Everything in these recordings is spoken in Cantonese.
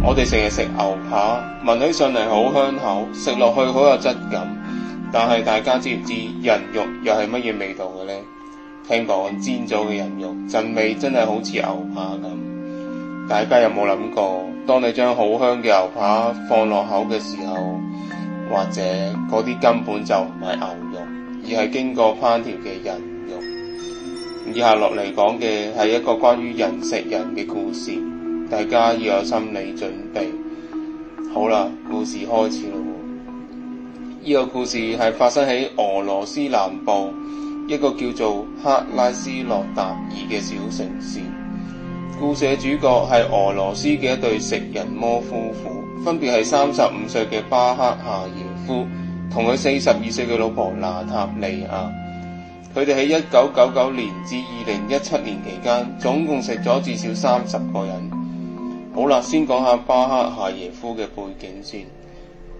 我哋成日食牛扒，聞起上嚟好香口，食落去好有質感。但係，大家知唔知人肉又係乜嘢味道嘅呢？聽講煎咗嘅人肉陣味真係好似牛扒咁。大家有冇諗過，當你將好香嘅牛扒放落口嘅時候，或者嗰啲根本就唔係牛肉，而係經過烹調嘅人肉？以下落嚟講嘅係一個關於人食人嘅故事。大家要有心理準備。好啦，故事開始咯！喎，呢個故事係發生喺俄羅斯南部一個叫做克拉斯洛達爾嘅小城市。故事嘅主角係俄羅斯嘅一對食人魔夫婦，分別係三十五歲嘅巴克夏耶夫同佢四十二歲嘅老婆娜塔莉亞。佢哋喺一九九九年至二零一七年期間，總共食咗至少三十個人。好啦，先講下巴克夏耶夫嘅背景先。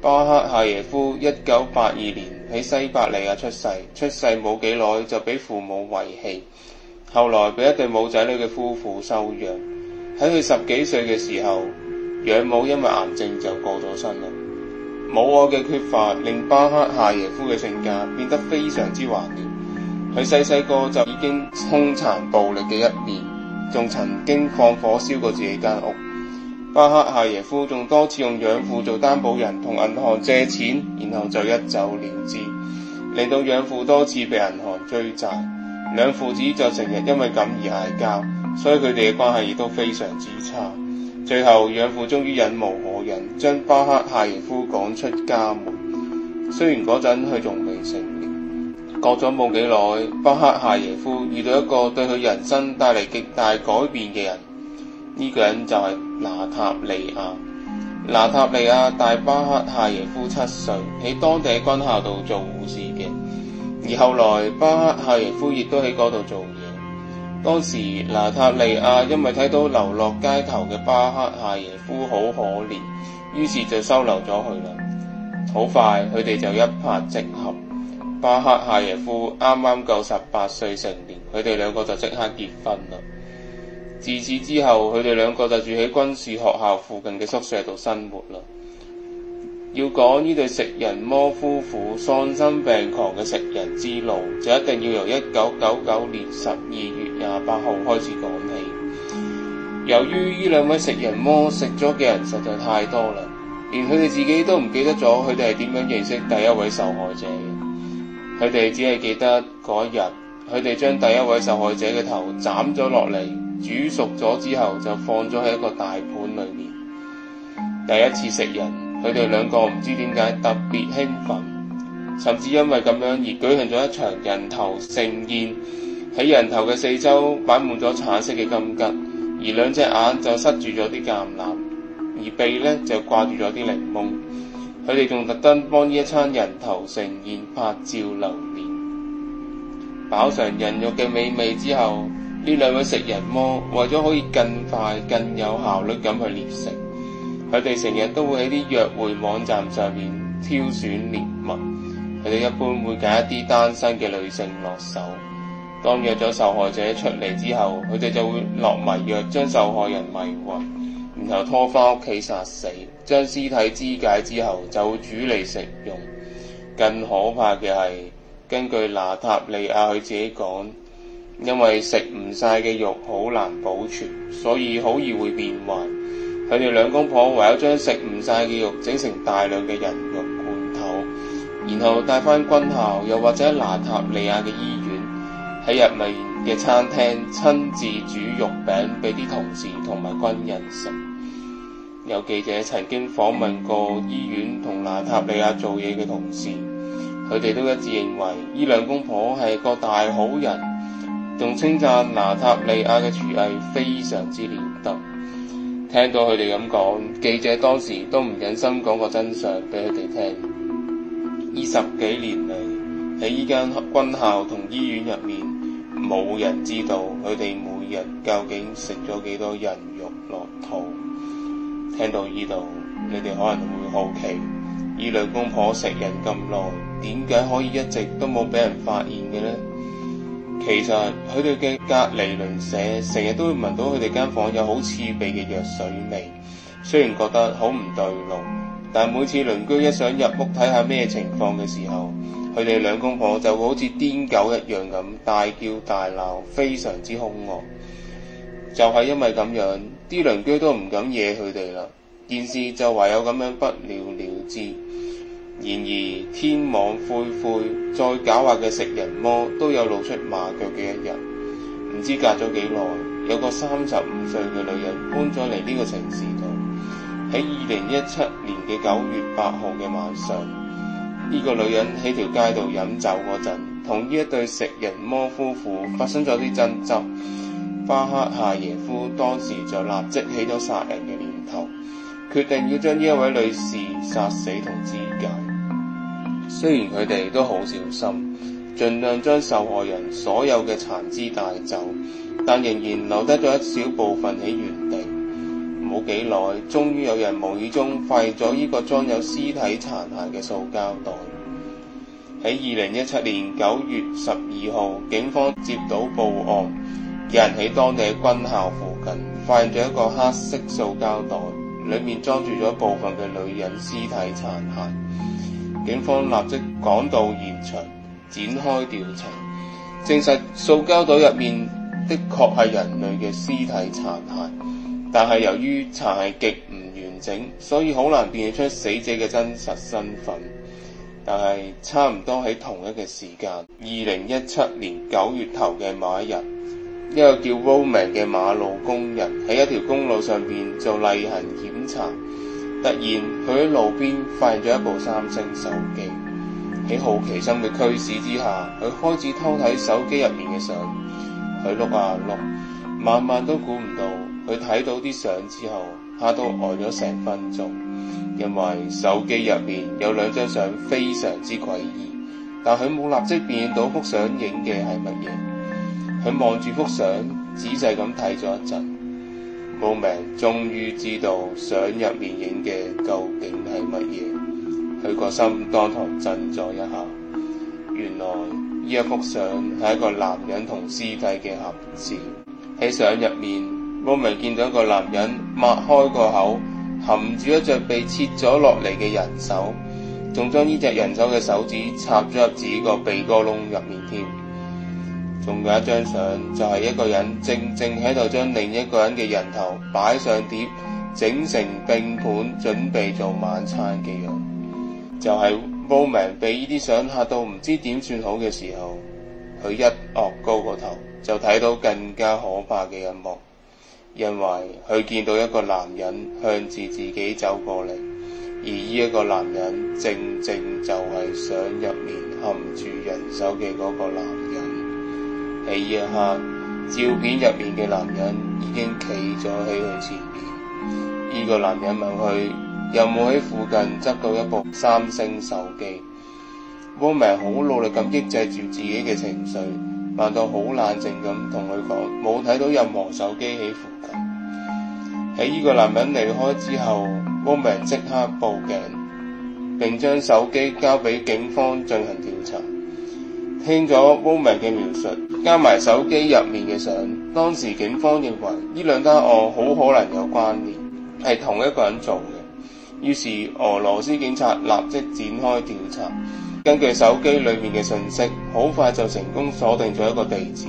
巴克夏耶夫一九八二年喺西伯利亞出世，出世冇幾耐就俾父母遺棄，後來俾一對冇仔女嘅夫婦收養。喺佢十幾歲嘅時候，養母因為癌症就過咗身啦。母愛嘅缺乏令巴克夏耶夫嘅性格變得非常之頑劣。佢細細個就已經兇殘暴力嘅一面，仲曾經放火燒過自己間屋。巴克夏耶夫仲多次用養父做擔保人，同銀行借錢，然後就一走了之，令到養父多次被銀行追債，兩父子就成日因為咁而嗌交，所以佢哋嘅關係亦都非常之差。最後養父終於忍無可忍，將巴克夏耶夫趕出家門。雖然嗰陣佢仲未成年，過咗冇幾耐，巴克夏耶夫遇到一個對佢人生帶嚟極大改變嘅人，呢、這個人就係、是。娜塔莉亞，娜塔莉亞大巴克夏耶夫七歲，喺當地喺軍校度做護士嘅。而後來巴克夏耶夫亦都喺嗰度做嘢。當時娜塔莉亞因為睇到流落街頭嘅巴克夏耶夫好可憐，於是就收留咗佢啦。好快佢哋就一拍即合。巴克夏耶夫啱啱夠十八歲成年，佢哋兩個就即刻結婚啦。自此之後，佢哋兩個就住喺軍事學校附近嘅宿舍度生活啦。要講呢對食人魔夫婦喪心病狂嘅食人之路，就一定要由一九九九年十二月廿八號開始講起。由於呢兩位食人魔食咗嘅人實在太多啦，連佢哋自己都唔記得咗佢哋係點樣認識第一位受害者。佢哋只係記得嗰日，佢哋將第一位受害者嘅頭斬咗落嚟。煮熟咗之後，就放咗喺一個大盤裏面。第一次食人，佢哋兩個唔知點解特別興奮，甚至因為咁樣而舉行咗一場人頭盛宴。喺人頭嘅四周擺滿咗橙色嘅金桔，而兩隻眼就塞住咗啲橄欖，而鼻呢就掛住咗啲檸檬。佢哋仲特登幫呢一餐人頭盛宴拍照留念。飽嘗人肉嘅美味之後。呢兩位食人魔為咗可以更快、更有效率咁去獵食，佢哋成日都會喺啲約會網站上面挑選獵物。佢哋一般會揀一啲單身嘅女性落手。當約咗受害者出嚟之後，佢哋就會落迷藥將受害人迷暈，然後拖翻屋企殺死。將屍體肢解之後，就會煮嚟食用。更可怕嘅係，根據娜塔利亞佢自己講。因為食唔晒嘅肉好難保存，所以好易會變壞。佢哋兩公婆唯有將食唔晒嘅肉整成大量嘅人肉罐頭，然後帶翻軍校，又或者娜塔莉亞嘅醫院，喺入面嘅餐廳親自煮肉餅俾啲同事同埋軍人食。有記者曾經訪問過醫院同娜塔莉亞做嘢嘅同事，佢哋都一致認為依兩公婆係個大好人。仲稱讚娜塔利亞嘅廚藝非常之了得，聽到佢哋咁講，記者當時都唔忍心講個真相俾佢哋聽。二十幾年嚟，喺依間軍校同醫院入面，冇人知道佢哋每日究竟食咗幾多人肉落肚。聽到呢度，你哋可能會好奇，依兩公婆食人咁耐，點解可以一直都冇俾人發現嘅呢？」其實佢哋嘅隔籬鄰舍成日都會聞到佢哋間房有好刺鼻嘅藥水味，雖然覺得好唔對路，但每次鄰居一想入屋睇下咩情況嘅時候，佢哋兩公婆就會好似癲狗一樣咁大叫大鬧，非常之凶惡。就係因為咁樣，啲鄰居都唔敢惹佢哋啦。件事就唯有咁樣不了了之。然而天網恢恢，再狡猾嘅食人魔都有露出馬腳嘅一日。唔知隔咗幾耐，有個三十五歲嘅女人搬咗嚟呢個城市度。喺二零一七年嘅九月八號嘅晚上，呢個女人喺條街度飲酒嗰陣，同呢一對食人魔夫婦發生咗啲爭執。巴克夏耶夫當時就立即起咗殺人嘅念頭，決定要將呢一位女士殺死同肢解。雖然佢哋都好小心，盡量將受害人所有嘅殘肢帶走，但仍然留得咗一小部分喺原地。冇幾耐，終於有人無意中發現咗呢個裝有屍體殘骸嘅塑膠袋。喺二零一七年九月十二號，警方接到報案，有人喺當地嘅軍校附近發現咗一個黑色塑膠袋，裏面裝住咗部分嘅女人屍體殘骸。警方立即趕到現場，展開調查，證實塑膠袋入面的確係人類嘅屍體殘骸，但係由於殘骸極唔完整，所以好難辨認出死者嘅真實身份。但係差唔多喺同一嘅時間，二零一七年九月頭嘅某一日，一個叫 Roman 嘅馬路工人喺一條公路上邊做例行檢查。突然，佢喺路邊發現咗一部三星手機。喺好奇心嘅驅使之下，佢開始偷睇手機入面嘅相。佢碌下碌，慢慢都估唔到，佢睇到啲相之後，嚇到呆咗成分鐘。因為手機入面有兩張相非常之詭異，但佢冇立即辨認到幅相影嘅係乜嘢。佢望住幅相，仔細咁睇咗一陣。Mo Ming 終於知道相入面影嘅究竟係乜嘢，佢個心當堂震咗一下。原來呢一幅相係一個男人同屍體嘅合照，喺相入面，Mo Ming 見到一個男人擘開個口，含住一隻被切咗落嚟嘅人手，仲將呢隻人手嘅手指插咗入自己個鼻哥窿入面添。仲有一張相，就係、是、一個人正正喺度將另一個人嘅人頭擺上碟，整成拼盤準備做晚餐嘅樣，就係報名畀呢啲相吓到唔知點算好嘅時候，佢一惡高個頭就睇到更加可怕嘅一幕，因為佢見到一個男人向住自己走過嚟，而呢一個男人正正就係相入面含住人手嘅嗰個男人。睇一下照片入面嘅男人已經企咗喺佢前面。呢、這個男人問佢有冇喺附近執到一部三星手機，Woman 好努力咁抑制住自己嘅情緒，扮到好冷靜咁同佢講冇睇到任何手機喺附近。喺、這、呢個男人離開之後，Woman 即刻報警，並將手機交俾警方進行調查。聽咗 Woman 嘅描述，加埋手機入面嘅相，當時警方認為呢兩單案好可能有關聯，係同一個人做嘅。於是俄羅斯警察立即展開調查，根據手機裏面嘅信息，好快就成功鎖定咗一個地址，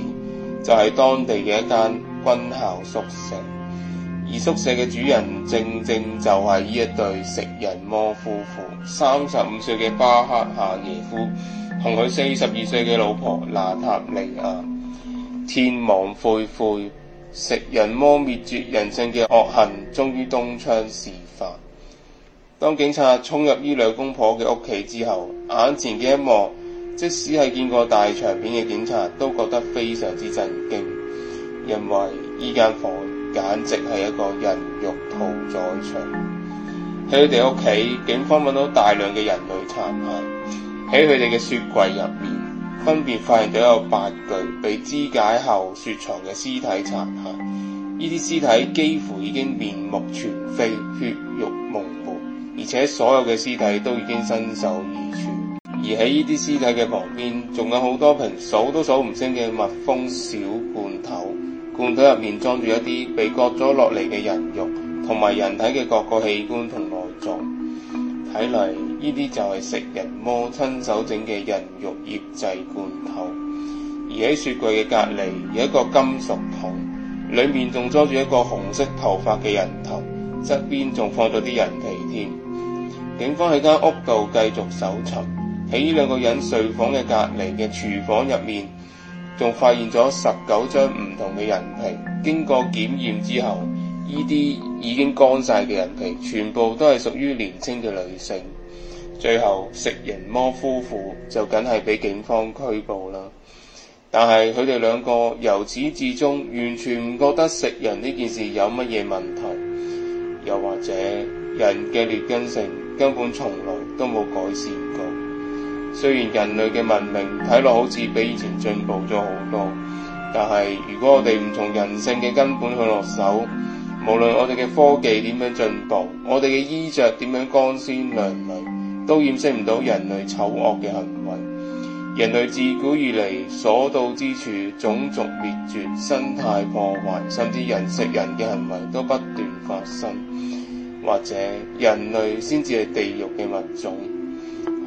就係當地嘅一間軍校宿舍。而宿舍嘅主人正正就係呢一對食人魔夫婦，三十五歲嘅巴克夏耶夫同佢四十二歲嘅老婆娜塔莉亞，天網恢恢，食人魔滅絕人性嘅惡行終於東窗事發。當警察衝入呢兩公婆嘅屋企之後，眼前嘅一幕，即使係見過大場面嘅警察都覺得非常之震驚，因為依間房。簡直係一個人肉屠宰場。喺佢哋屋企，警方揾到大量嘅人類殘骸。喺佢哋嘅雪櫃入面，分別發現咗有八具被肢解後雪藏嘅屍體殘骸。呢啲屍體幾乎已經面目全非，血肉模糊，而且所有嘅屍體都已經身首異處。而喺呢啲屍體嘅旁邊，仲有好多瓶數都數唔清嘅密封小罐頭。罐頭入面裝住一啲被割咗落嚟嘅人肉，同埋人體嘅各個器官同內臟。睇嚟，呢啲就係食人魔親手整嘅人肉醃製罐頭。而喺雪櫃嘅隔籬有一個金屬桶，裏面仲裝住一個紅色頭髮嘅人頭，側邊仲放咗啲人皮添。警方喺間屋度繼續搜尋，喺呢兩個人睡房嘅隔籬嘅廚房入面，仲發現咗十九張唔同嘅人皮，經過檢驗之後，依啲已經乾晒嘅人皮，全部都係屬於年輕嘅女性。最後，食人魔夫婦就梗係俾警方拘捕啦。但係佢哋兩個由始至終完全唔覺得食人呢件事有乜嘢問題，又或者人嘅劣根性根本從來都冇改善過。雖然人類嘅文明睇落好似比以前進步咗好多，但係如果我哋唔從人性嘅根本去落手，無論我哋嘅科技點樣進步，我哋嘅衣着點樣光鮮亮麗，都掩飾唔到人類醜惡嘅行為。人類自古以嚟所到之處，種族滅絕、生態破壞，甚至人食人嘅行為都不斷發生，或者人類先至係地獄嘅物種。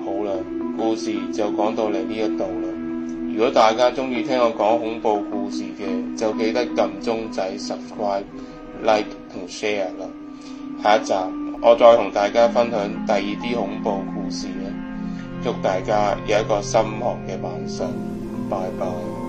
好啦。故事就講到嚟呢一度啦。如果大家中意聽我講恐怖故事嘅，就記得撳鐘仔、subscribe、like 同 share 啦。下一集我再同大家分享第二啲恐怖故事啦。祝大家有一個心寒嘅晚上，拜拜。